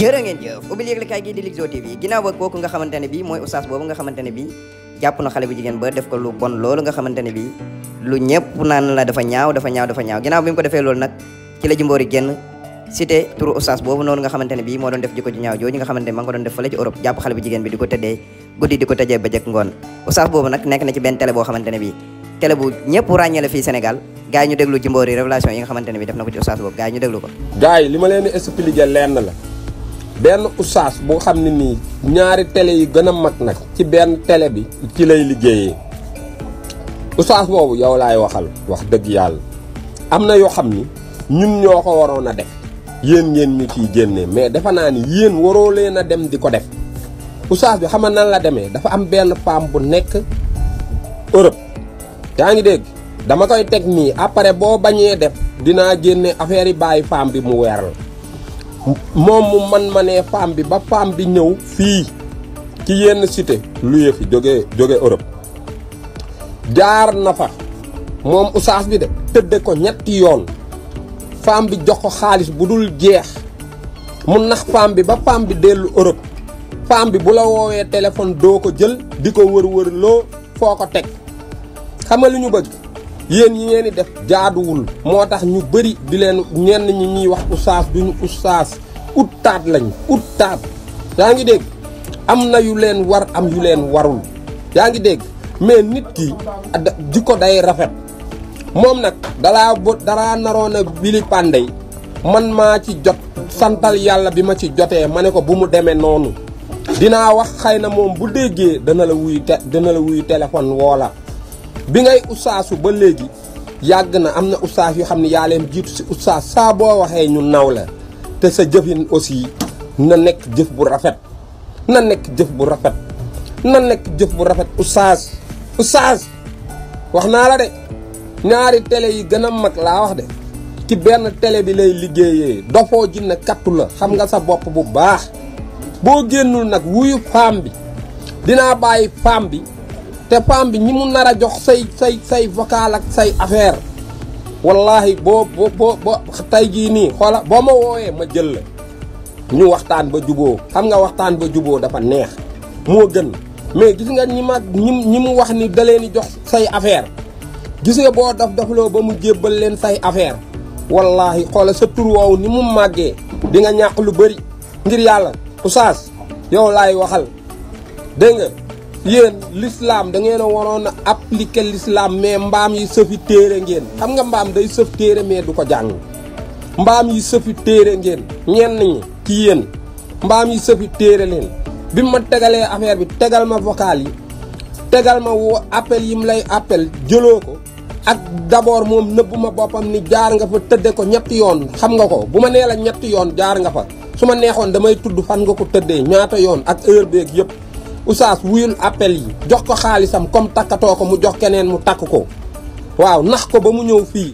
jërë ngeen jëf a yëglekaay gi di Likzo TV nga xamante ne mooy oustaz boobu nga xamante ne jàpp na xale bu jigéen ba def ko lu bon loolu nga xamante ne lu ñëpp naan la Sénégal gars yi ñu déglu jimboori révélation yi nga xamante ne def na ko boobu gars yi ñu déglu ko gars yi li ma leen expliquer lenn la benn oustaz bu xam ne nii ñaari télé yi gën a mag nag ci benn tele bi ci lay liggéeyee oustaz boobu yow laay waxal wax dëgg yàlla am na yoo xam ni ñun ñoo ko waroon a def yéen ngeen ñu ciy génnee mais dafa naa ni yéen waroo leen a dem di ko def oustaz bi xam nan la demee dafa am benn paam bu nekk Europe yaa ngi dégg dama koy teg nii après boo bañee def dinaa génne affaire yi bàyyi paam bi mu weer la moom mu man ma nee bi ba paam bi ñëw fii ci yenn cité luye fi jógee jóge Europe jaar na fa moom usaas bi de tëdd ko ñetti yoon paam bi jox ko xaalis bu dul jeex mu nax paam bi ba paam bi dellu Europe paam bi bu la woowee téléphone doo ko jël di ko wër-wër loo foo ko teg xam nga lu ñu bëgg yéen yi ngeen di def jaaduwul moo tax ñu bëri di leen ñenn ñi ñuy wax ustaas duñu ustaas ut taat lañu ut taat yaa ngi dégg am na yu leen war am yu leen warul yaa ngi dégg mais nit ki di ko day rafet moom nag dala bo dalaa naroon a bili pàndey man maa ci jot santal yàlla bi ma ci jotee ma ne ko bu mu demee noonu dinaa wax xëy na moom bu déggee dana la wuyu te dana la wuyu téléphone woo la bi ngay ustaasu ba léegi yàgg na am na ustaas yu xam ne yaa leen jiitu si ustaas saa boo waxee ñu naw la te sa jëfin aussi na nekk jëf bu rafet na nekk jëf bu rafet na nekk jëf bu rafet ustaas ustaas wax naa la de ñaari télé yi gën a mag laa wax de ci benn télé bi lay liggéeyee dofoo jinne kattu la xam nga sa bopp bu baax boo génnul nag wuyu faam bi dinaa bàyyi faam bi te femme bi ñi mu nar a jox say say say vocal ak say affaire wallahi boo boo boo tey jii nii xoola boo ma woowee ma jël la ñu waxtaan ba juboo xam nga waxtaan ba juboo dafa neex moo gën mais gis nga ñi ma ñi mu wax ni da leen di jox say affaire gis nga boo daf dafloo ba mu jébbal leen say affaire wallahi xoola sa tur woowu ni mu màggee di nga ñàq lu bari ngir yàlla oustaz yow laay waxal dégg yéen lislaam da ngeen a waroon a appliquer lislaam mais mbaam yi sëfi téere ngeen xam nga mbaam day sëf téere mais du ko jàng mbaam yi sëfi téere ngeen ñenn ñi ci yéen mbaam yi sëfi téere leen bi ma tegalee affaire bi tegal ma vocal yi tegal ma woo appel yi mu lay appel jëloo ko ak d'abord moom nëbbu ma boppam ni jaar nga fa tëdde ko ñetti yoon xam nga ko bu ma nee la ñetti yoon jaar nga fa su ma neexoon damay tudd fan nga ko tëddee ñaata yoon ak heure beeg yëpp Oustaz wuyul appel yi jox ko xaalisam comme takkatoo ko mu jox keneen mu takk ko waaw nax ko ba mu ñëw fii